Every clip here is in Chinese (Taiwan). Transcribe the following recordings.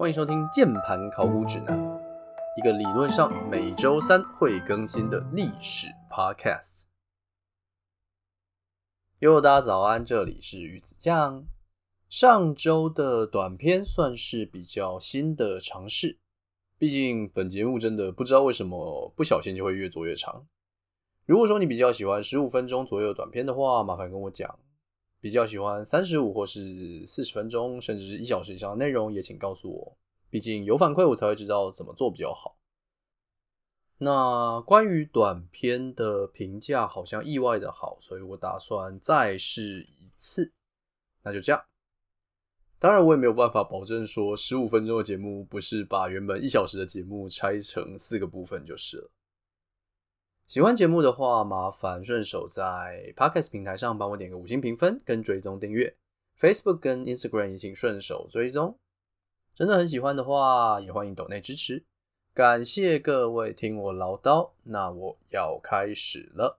歡迎收聽《鍵盤考古指南》，一個理論上每周三會更新的歷史 podcast。喲，大家早安，這裡是魚子醬。上周的短片算是比較新的嘗試，畢竟本節目真的不知道為什麼不小心就會越做越長。如果說你比較喜歡十五分鐘左右短片的話，麻煩跟我講。比較喜歡三十五或是四十分鐘，甚至是一小時以上的內容，也請告訴我。畢竟有反饋，我才會知道怎麼做比較好。那關於短篇的評價好像意外的好，所以我打算再試一次。那就這樣。當然，我也沒有辦法保證說十五分鐘的節目不是把原本一小時的節目拆成四個部分就是了。喜歡節目的話，麻煩順手在 Podcast 平台上幫我點個五星評分跟追蹤訂閱。Facebook 跟 Instagram 也請順手追蹤。真的很喜歡的話，也歡迎鬥內支持。感謝各位聽我嘮叨，那我要開始了。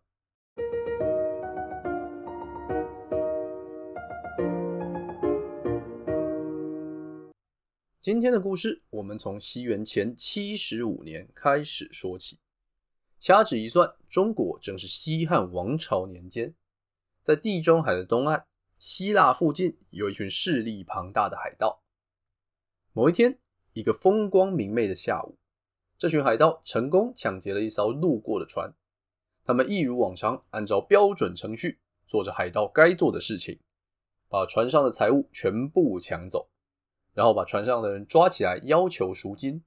今天的故事，我們從西元前七十五年開始說起。掐指一算，中國正是西漢王朝年間。在地中海的東岸，希臘附近有一群勢力龐大的海盜。某一天，一個風光明媚的下午，這群海盜成功搶劫了一艘路過的船。他們一如往常，按照標準程序做着海盜該做的事情，把船上的財物全部搶走，然後把船上的人抓起來要求贖金，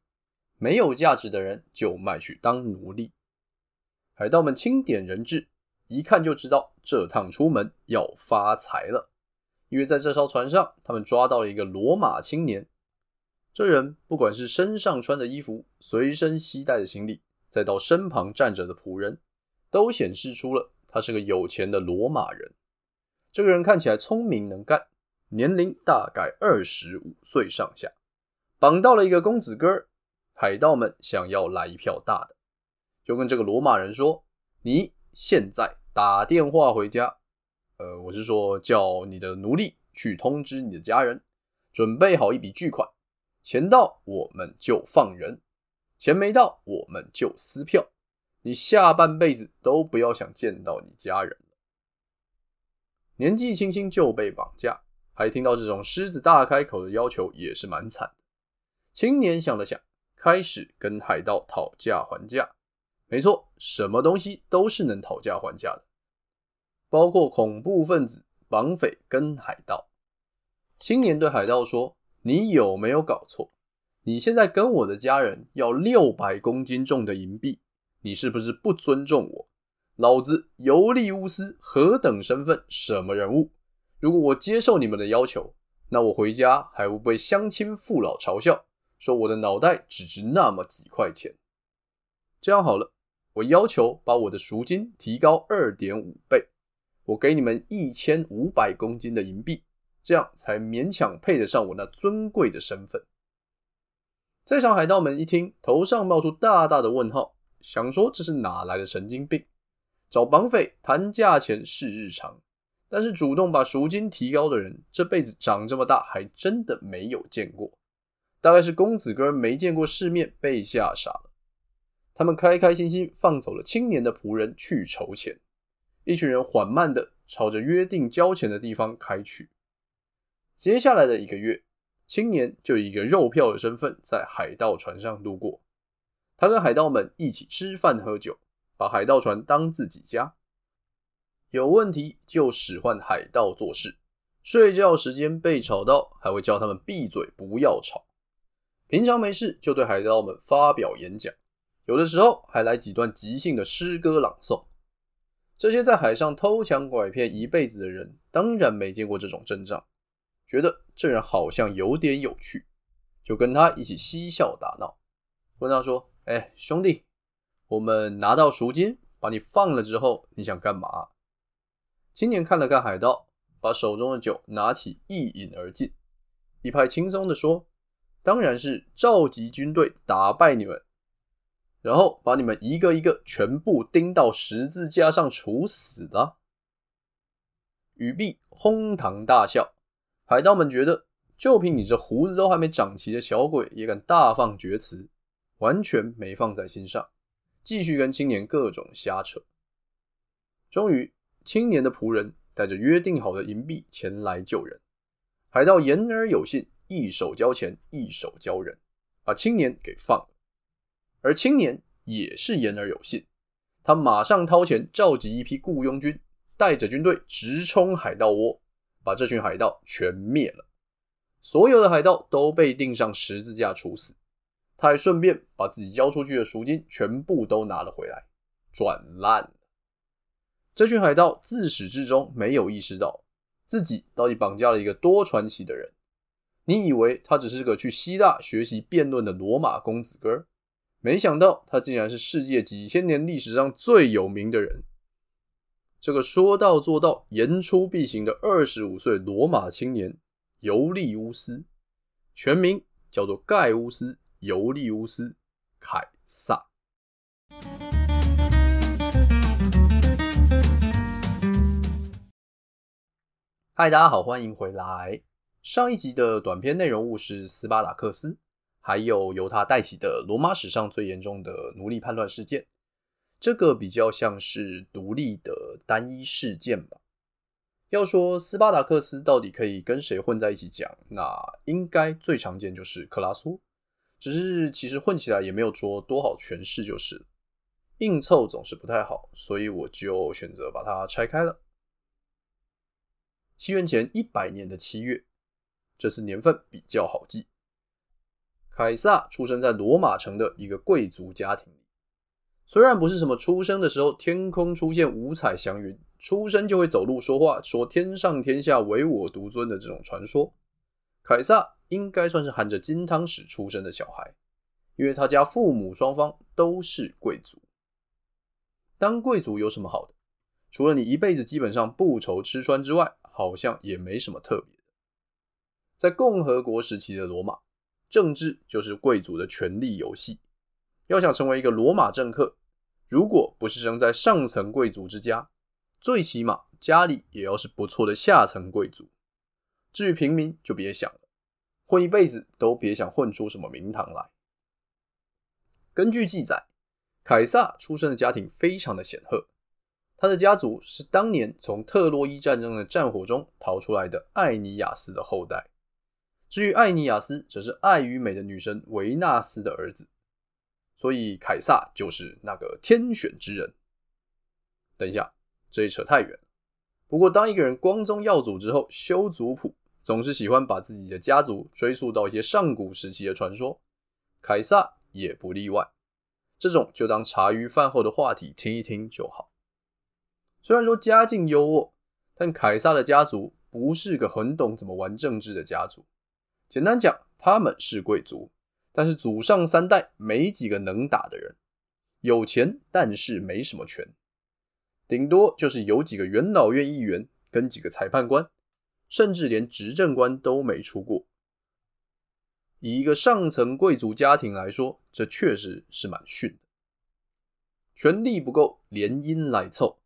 沒有價值的人就賣去當奴隸。海盜們清點人質，一看就知道這趟出門要發財了，因為在這艘船上，他們抓到了一個羅馬青年。這人不管是身上穿的衣服、隨身攜帶的行李，再到身旁站着的僕人，都顯示出了他是個有錢的羅馬人。這個人看起來聰明能幹，年齡大概二十五歲上下。綁到了一個公子哥，海盜們想要來一票大的。就跟這個羅馬人說：“你現在打電話回家，呃，我是說叫你的奴隸去通知你的家人，準備好一筆巨款，錢到我們就放人，錢沒到我們就撕票，你下半輩子都不要想見到你家人了。”年紀輕輕就被綁架，還聽到這種獅子大開口的要求，也是蠻慘。青年想了想，開始跟海盜討價還價。沒錯，什麼東西都是能討價還價的，包括恐怖分子、綁匪跟海盜。青年對海盜說：“你有沒有搞錯？你現在跟我的家人要六百公斤重的銀幣，你是不是不尊重我？老子尤利烏斯何等身份，什麼人物？如果我接受你們的要求，那我回家還會被鄉親父老嘲笑，說我的腦袋只值那麼幾塊錢？”這樣好了，我要求把我的贖金提高二點五倍，我給你們一千五百公斤的銀幣，這樣才勉強配得上我那尊貴的身份。在場海盜們一聽，頭上冒出大大的問號，想說這是哪來的神經病？找綁匪談價錢是日常，但是主動把贖金提高的人，這輩子長這麼大還真的沒有見過。大概是公子哥沒見過世面，被嚇傻。他們開開心心放走了青年的僕人去籌錢，一群人緩慢地朝着約定交錢的地方開去。接下來的一個月，青年就以一個肉票的身份在海盜船上度過。他跟海盜們一起吃飯喝酒，把海盜船當自己家。有問題就使喚海盜做事，睡覺時間被吵到還會叫他們閉嘴不要吵。平常沒事就對海盜們發表演講。有的時候還來幾段即興的詩歌朗誦。這些在海上偷搶拐騙一輩子的人，當然沒見過這種陣仗，覺得這人好像有點有趣，就跟他一起嬉笑打鬧。問他說：“哎，兄弟，我們拿到贖金把你放了之後，你想幹嘛？”青年看了看海盜，把手中的酒拿起一飲而盡，一派輕鬆的說：“當然是召集軍隊打敗你們。”然後把你們一個一個全部釘到十字架上處死了。語畢，哄堂大笑。海盜們覺得，就憑你這鬍子都還沒長齊的小鬼，也敢大放厥詞，完全沒放在心上，繼續跟青年各種瞎扯。終於，青年的僕人帶着約定好的銀幣前來救人。海盜言而有信，一手交錢，一手交人，把青年給放了。而青年也是言而有信，他馬上掏錢召集一批僱傭軍，帶着軍隊直衝海盜窩，把這群海盜全滅了。所有的海盜都被釘上十字架處死，他還順便把自己交出去的贖金全部都拿了回來，賺爛了。這群海盜自始至終沒有意識到自己到底綁架了一個多傳奇的人。你以為他只是個去希臘學習辯論的羅馬公子哥？沒想到他竟然是世界幾千年歷史上最有名的人。這個說到做到、言出必行的二十五歲羅馬青年尤利烏斯，全名叫做蓋烏斯·尤利烏斯·凱撒。嗨，大家好，歡迎回來。上一集的短篇內容物是斯巴達克斯。還有由他帶起的羅馬史上最嚴重的奴隸叛亂事件，這個比較像是獨立的單一事件吧。要說斯巴達克斯到底可以跟誰混在一起講，那應該最常見就是克拉蘇，只是其實混起來也沒有說多好詮釋，就是硬湊總是不太好，所以我就選擇把它拆開了。西元前一百年的七月，這是年份比較好記。凱撒出生在羅馬城的一個貴族家庭裡，雖然不是什麼出生的時候天空出現五彩祥雲、出生就會走路說話、說天上天下唯我獨尊的這種傳說，凱撒應該算是含着金湯匙出生的小孩，因為他家父母雙方都是貴族。當貴族有什麼好的？除了你一輩子基本上不愁吃穿之外，好像也沒什麼特別的。在共和國時期的羅馬，政治就是貴族的權力遊戲。要想成為一個羅馬政客，如果不是生在上層貴族之家，最起碼家裡也要是不錯的下層貴族。至於平民，就別想了，混一輩子都別想混出什麼名堂來。根據記載，凱撒出生的家庭非常的顯赫，他的家族是當年從特洛伊戰爭的戰火中逃出來的艾尼亞斯的後代。至於艾尼亞斯，則是愛與美的女神維納斯的兒子，所以凱撒就是那個天選之人。等一下，這裡扯太遠了。不過，當一個人光宗耀祖之後，修族譜總是喜歡把自己的家族追溯到一些上古時期的傳說，凱撒也不例外。這種就當茶餘飯後的話題聽一聽就好。雖然說家境優渥，但凱撒的家族不是個很懂怎麼玩政治的家族。簡單講，他們是貴族，但是祖上三代沒幾個能打的人，有錢但是沒什麼權，頂多就是有幾個元老院議員跟幾個裁判官，甚至連執政官都沒出過。以一個上層貴族家庭來說，這確實是蠻遜的。權力不夠，聯姻來湊。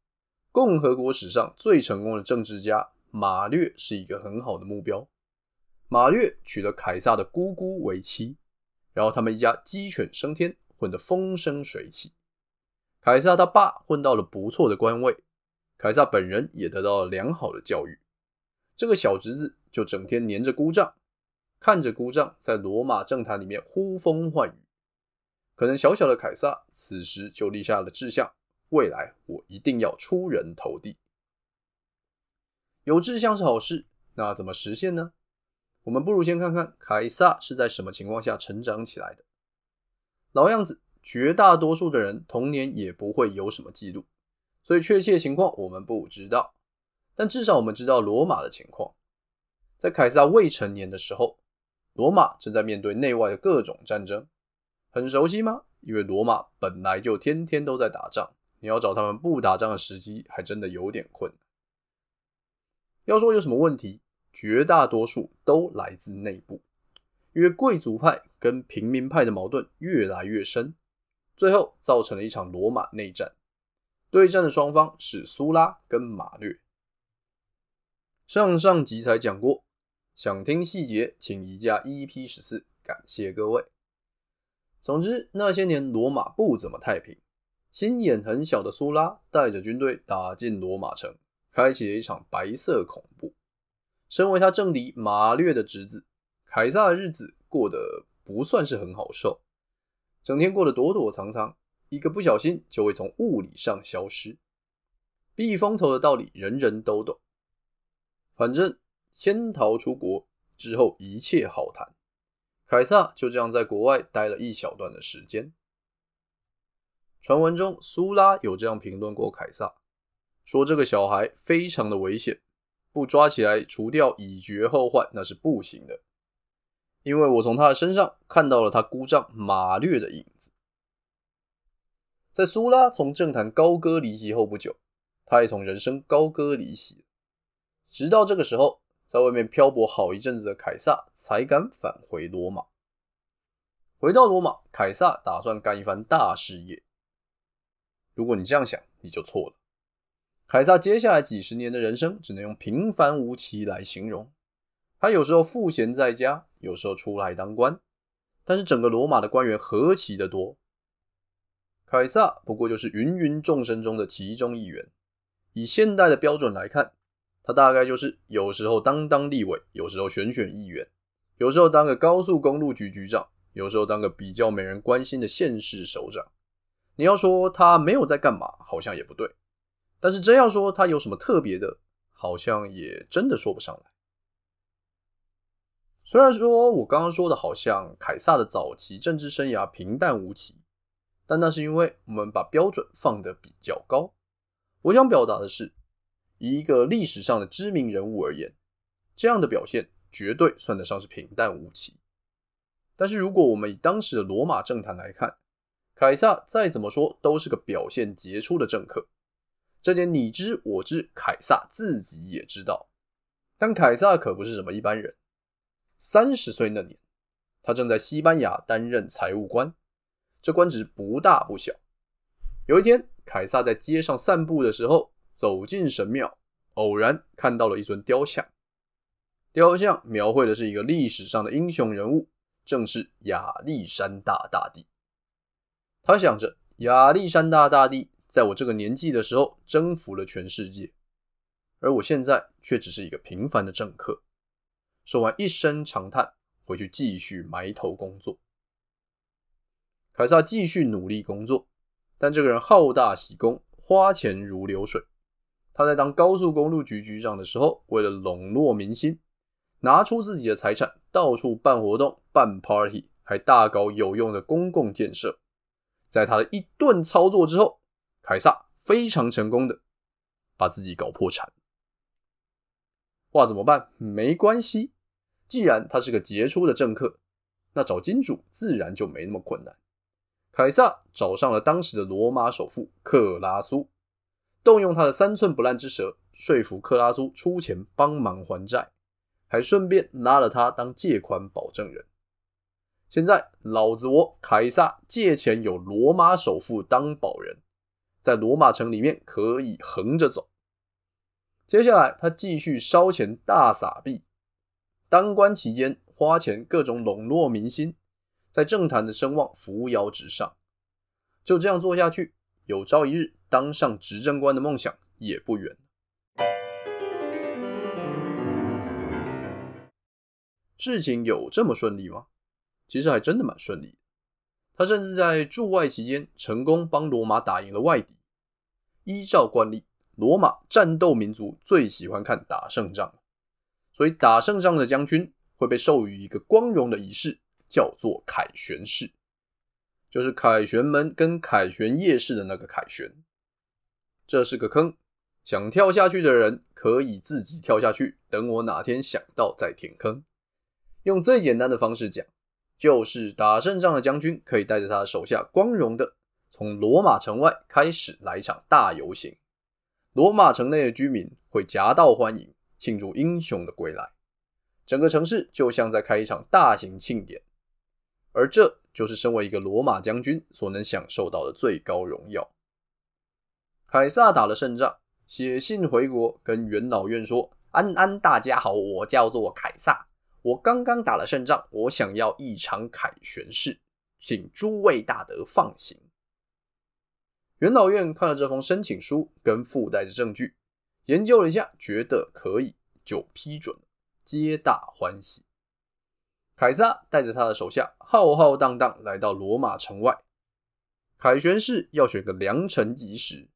共和國史上最成功的政治家馬略是一個很好的目標。馬略娶了凱撒的姑姑為妻，然後他們一家雞犬升天，混得風生水起。凱撒他爸混到了不錯的官位，凱撒本人也得到了良好的教育。這個小侄子就整天黏着姑丈，看着姑丈在羅馬政壇裡面呼風喚雨。可能小小的凱撒此時就立下了志向，未來我一定要出人頭地。有志向是好事，那怎麼實現呢？我們不如先看看凱撒是在什麼情況下成長起來的。老樣子，絕大多數的人童年也不會有什麼記錄，所以確切情況我們不知道。但至少我們知道羅馬的情況。在凱撒未成年的時候，羅馬正在面對內外的各種戰爭，很熟悉嗎？因為羅馬本來就天天都在打仗，你要找他們不打仗的時機，還真的有點困難。要說有什麼問題？絕大多數都來自內部，因為貴族派跟平民派的矛盾越來越深，最後造成了一場羅馬內戰。對戰的雙方是蘇拉跟馬略。上上集才講過，想聽細節，請移駕 EP 十四，感謝各位。總之，那些年羅馬不怎麼太平，心眼很小的蘇拉帶着軍隊打進羅馬城，開啟了一場白色恐怖。身為他政敵馬略的侄子，凱撒的日子過得不算是很好受，整天過得躲躲藏藏，一個不小心就會從物理上消失。避風頭的道理人人都懂，反正先逃出國之後一切好談。凱撒就這樣在國外待了一小段的時間。傳聞中，蘇拉有這樣評論過凱撒，說這個小孩非常的危險。不抓起來，除掉以絕後患，那是不行的。因為我從他的身上看到了他姑丈馬略的影子。在蘇拉從政壇高歌離席後不久，他也從人生高歌離席。直到這個時候，在外面漂泊好一陣子的凱撒才敢返回羅馬。回到羅馬，凱撒打算幹一番大事業。如果你這樣想，你就錯了。凱撒接下來幾十年的人生，只能用平凡無奇來形容。他有時候賦閒在家，有時候出來當官。但是整個羅馬的官員何其的多，凱撒不過就是芸芸眾生中的其中一員。以現代的標準來看，他大概就是有時候當當立委，有時候選選議員，有時候當個高速公路局局長，有時候當個比較沒人關心的縣市首長。你要說他沒有在幹嘛，好像也不對。但是真要說他有什麼特別的，好像也真的說不上來。雖然說我剛剛說的，好像凱撒的早期政治生涯平淡無奇，但那是因為我們把標準放得比較高。我想表達的是，以一個歷史上的知名人物而言，這樣的表現絕對算得上是平淡無奇。但是如果我們以當時的羅馬政壇來看，凱撒再怎麼說都是個表現傑出的政客。這點你知我知，凱撒自己也知道。但凱撒可不是什麼一般人。三十歲那年，他正在西班牙擔任財務官，這官職不大不小。有一天，凱撒在街上散步的時候，走進神廟，偶然看到了一尊雕像。雕像描繪的是一個歷史上的英雄人物，正是亞歷山大大帝。他想着亞歷山大大帝，在我這個年紀的時候，征服了全世界，而我現在卻只是一個平凡的政客。說完一聲長嘆，回去繼續埋頭工作。凱撒繼續努力工作，但這個人好大喜功，花錢如流水。他在當高速公路局局長的時候，為了籠絡民心，拿出自己的財產到處辦活動、辦 party，還大搞有用的公共建設。在他的一頓操作之後，凱撒非常成功的把自己搞破產，哇，怎麼辦？沒關係，既然他是個傑出的政客，那找金主自然就沒那麼困難。凱撒找上了當時的羅馬首富克拉蘇，動用他的三寸不爛之舌，說服克拉蘇出錢幫忙還債，還順便拉了他當借款保證人。現在，老子我凱撒借錢有羅馬首富當保人。在羅馬城裡面可以橫着走。接下來，他繼續燒錢大撒幣，當官期間花錢各種籠絡民心，在政壇的聲望扶搖直上。就這樣做下去，有朝一日當上執政官的夢想也不遠。事情有這麼順利嗎？其實還真的蠻順利。他甚至在駐外期間，成功幫羅馬打贏了外敵。依照慣例，羅馬戰鬥民族最喜歡看打勝仗，所以打勝仗的將軍會被授予一個光榮的儀式，叫做凱旋式，就是凱旋門跟凱旋夜市的那個凱旋。這是個坑，想跳下去的人可以自己跳下去，等我哪天想到再填坑。用最簡單的方式講，就是打勝仗的將軍可以帶着他的手下光榮的。從羅馬城外開始來一場大遊行，羅馬城內的居民會夾道歡迎，慶祝英雄的歸來。整個城市就像在開一場大型慶典，而這就是身為一個羅馬將軍所能享受到的最高榮耀。凱撒打了勝仗，寫信回國跟元老院說：“安安，大家好，我叫做凱撒，我剛剛打了勝仗，我想要一場凱旋式，請諸位大德放行。”元老院看了這封申請書跟附帶的證據，研究了一下，覺得可以就批准了，皆大歡喜。凱撒帶着他的手下浩浩蕩蕩來到羅馬城外，凱旋式要選個良辰吉時，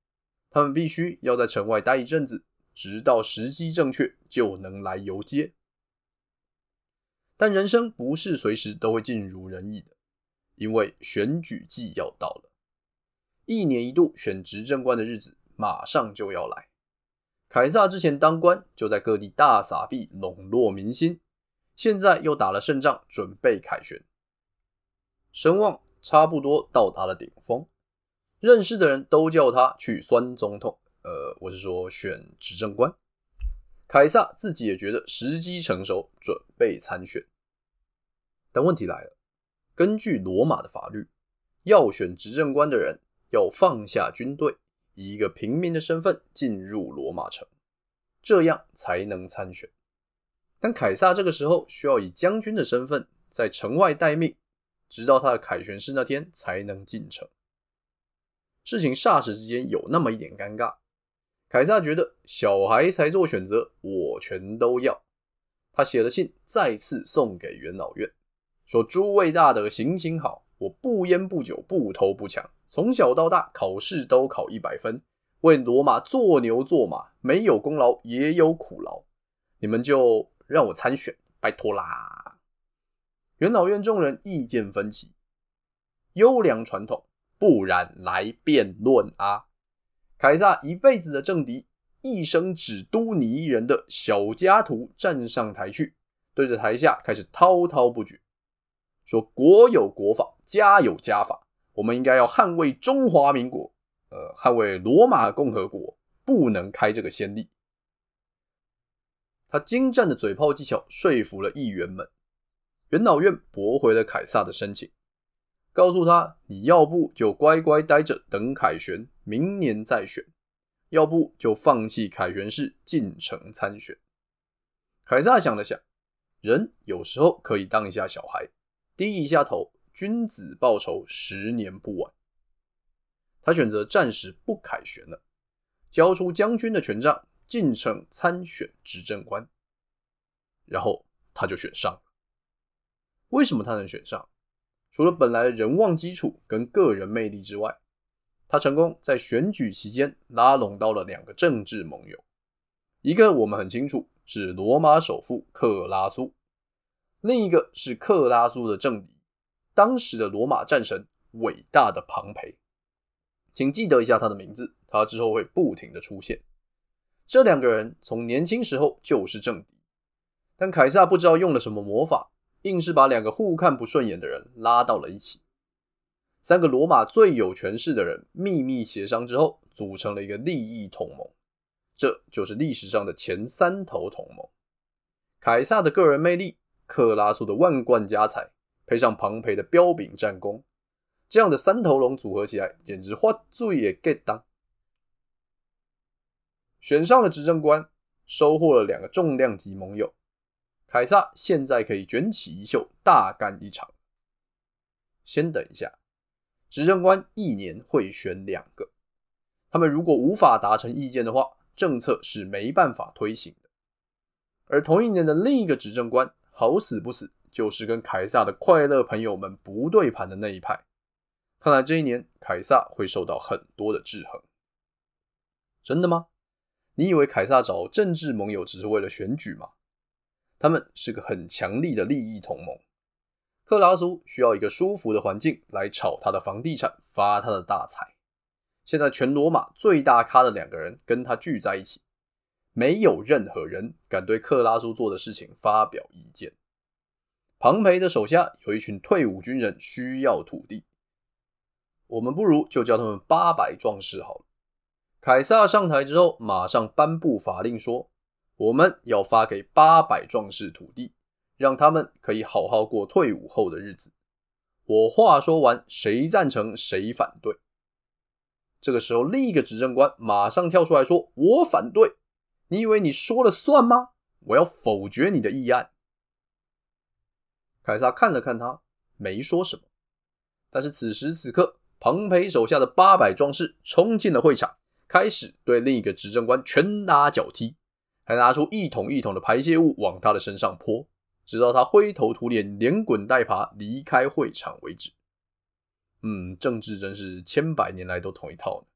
他們必須要在城外待一陣子，直到時機正確就能來遊街。但人生不是隨時都會盡如人意的，因為選舉季要到了。一年一度選執政官的日子馬上就要來，凱撒之前當官就在各地大撒幣籠絡民心，現在又打了勝仗準備凱旋，聲望差不多到達了頂峰，認識的人都叫他去酸總統，呃，我是說選執政官，凱撒自己也覺得時機成熟，準備參選，但問題來了，根據羅馬的法律，要選執政官的人。要放下軍隊，以一個平民的身份進入羅馬城，這樣才能參選。但凱撒這個時候需要以將軍的身份在城外待命，直到他的凱旋式那天才能進城。事情霎時之間有那麼一點尷尬。凱撒覺得小孩才做選擇，我全都要。他寫了信，再次送給元老院，說諸位大德，行行好，我不菸不酒，不偷不搶。從小到大，考試都考一百分，為羅馬做牛做馬，沒有功勞也有苦勞。你們就讓我參選，拜託啦！元老院眾人意見分歧，優良傳統，不然來辯論啊！凱撒一輩子的政敵，一生只督你一人的小加圖站上台去，對着台下開始滔滔不絕，說國有國法，家有家法。我們應該要捍衛中華民國，呃，捍衛羅馬共和國，不能開這個先例。他精湛的嘴炮技巧說服了議員們，元老院駁回了凱撒的申請，告訴他：你要不就乖乖待着等凱旋，明年再選；要不就放棄凱旋式進城參選。凱撒想了想，人有時候可以當一下小孩，低一下頭。君子報仇，十年不晚。他選擇暫時不凱旋了，交出將軍的權杖，進城參選執政官。然後他就選上了。為什麼他能選上？除了本來人望基礎跟個人魅力之外，他成功在選舉期間拉攏到了兩個政治盟友，一個我們很清楚是羅馬首富克拉蘇，另一個是克拉蘇的政敵。當時的羅馬戰神，偉大的龐培，請記得一下他的名字，他之後會不停的出現。這兩個人從年輕時候就是政敵，但凱撒不知道用了什麼魔法，硬是把兩個互看不順眼的人拉到了一起。三個羅馬最有權勢的人秘密協商之後，組成了一個利益同盟，這就是歷史上的前三頭同盟。凱撒的個人魅力，克拉蘇的萬貫家財。配上龐培的彪炳戰功，這樣的三頭龍組合起來簡直畫罪也 get 當。選上了執政官，收穫了兩個重量級盟友，凱撒現在可以捲起衣袖大幹一場。先等一下，執政官一年會選兩個，他們如果無法達成意見的話，政策是沒辦法推行的。而同一年的另一個執政官好死不死。就是跟凱撒的快樂朋友們不對盤的那一派。看來這一年凱撒會受到很多的制衡。真的嗎？你以為凱撒找政治盟友只是為了選舉嗎？他們是個很強力的利益同盟。克拉蘇需要一個舒服的環境來炒他的房地產，發他的大財。現在全羅馬最大咖的兩個人跟他聚在一起，沒有任何人敢對克拉蘇做的事情發表意見。龐培的手下有一群退伍軍人需要土地，我們不如就叫他們八百壯士好了。凱撒上台之後，馬上頒布法令說，我們要發給八百壯士土地，讓他們可以好好過退伍後的日子。我話說完，誰贊成誰反對？這個時候，另一個執政官馬上跳出來說：“我反對！你以為你說了算嗎？我要否決你的議案。”凱撒看了看他，沒說什麼。但是此時此刻，龐培手下的八百壯士衝進了會場，開始對另一個執政官拳打腳踢，還拿出一桶一桶的排泄物往他的身上潑，直到他灰頭土臉、連滾帶爬離開會場為止。嗯，政治真是千百年來都同一套呢。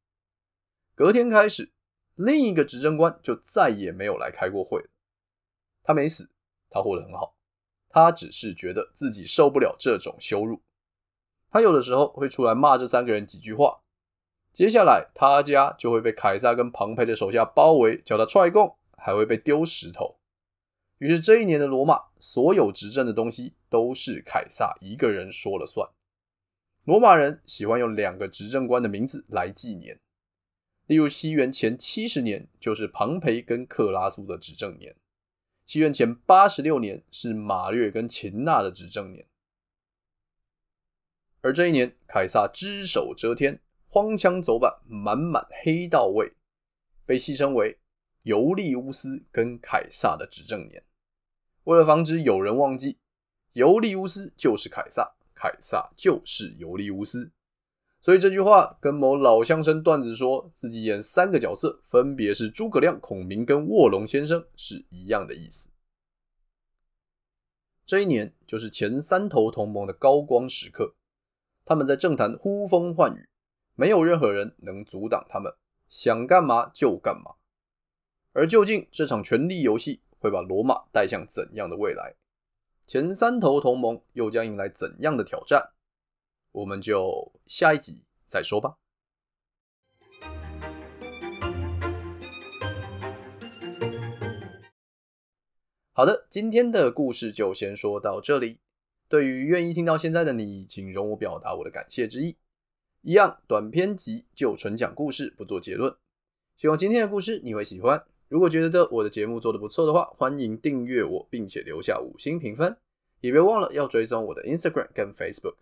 隔天開始，另一個執政官就再也沒有來開過會了。他沒死，他活得很好。他只是覺得自己受不了這種羞辱，他有的時候會出來罵這三個人幾句話，接下來他家就會被凱撒跟龐培的手下包圍，叫他踹共，還會被丟石頭。於是這一年的羅馬，所有執政的東西都是凱撒一個人說了算。羅馬人喜歡用兩個執政官的名字來紀年，例如西元前七十年就是龐培跟克拉蘇的執政年。西元前八十六年是馬略跟秦納的執政年，而這一年凱撒只手遮天，荒腔走板，滿滿黑道味，被戲稱為尤利烏斯跟凱撒的執政年。為了防止有人忘記，尤利烏斯就是凱撒，凱撒就是尤利烏斯。所以這句話跟某老相聲段子說自己演三個角色，分別是諸葛亮、孔明跟臥龍先生，是一樣的意思。這一年就是前三頭同盟的高光時刻，他們在政壇呼風喚雨，沒有任何人能阻擋他們，想幹嘛就幹嘛。而究竟這場權力遊戲會把羅馬帶向怎樣的未來？前三頭同盟又將迎來怎樣的挑戰？我們就下一集再說吧。好的，今天的故事就先說到這裡。對於願意聽到現在的你，請容我表達我的感謝之意。一樣短篇集就純講故事，不做結論。希望今天的故事你會喜歡。如果覺得我的節目做得不錯的話，歡迎訂閱我，並且留下五星評分。也別忘了要追蹤我的 Instagram 跟 Facebook。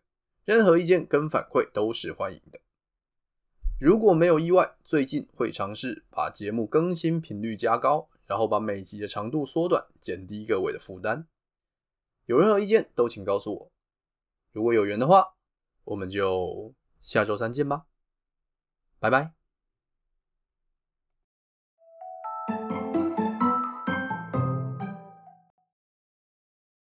任何意見跟反饋都是歡迎的。如果沒有意外，最近會嘗試把節目更新頻率加高，然後把每集的長度縮短，減低各位的負擔。有任何意見都請告訴我。如果有緣的話，我們就下周三見吧。拜拜。